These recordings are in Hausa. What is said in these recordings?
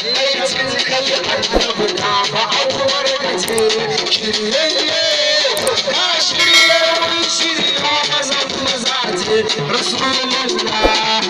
Kiriyacin kai annabu ta ma'akuwar da ce kiriyayye na shirya mun shirya rasulullah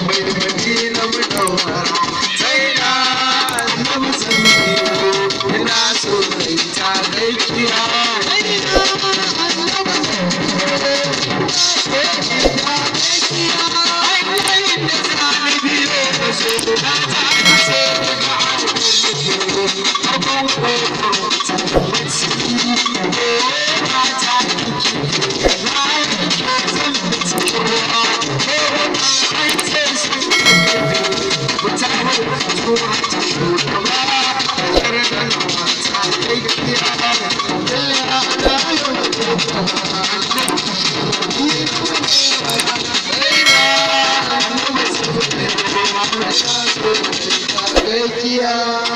Krishna Yeah.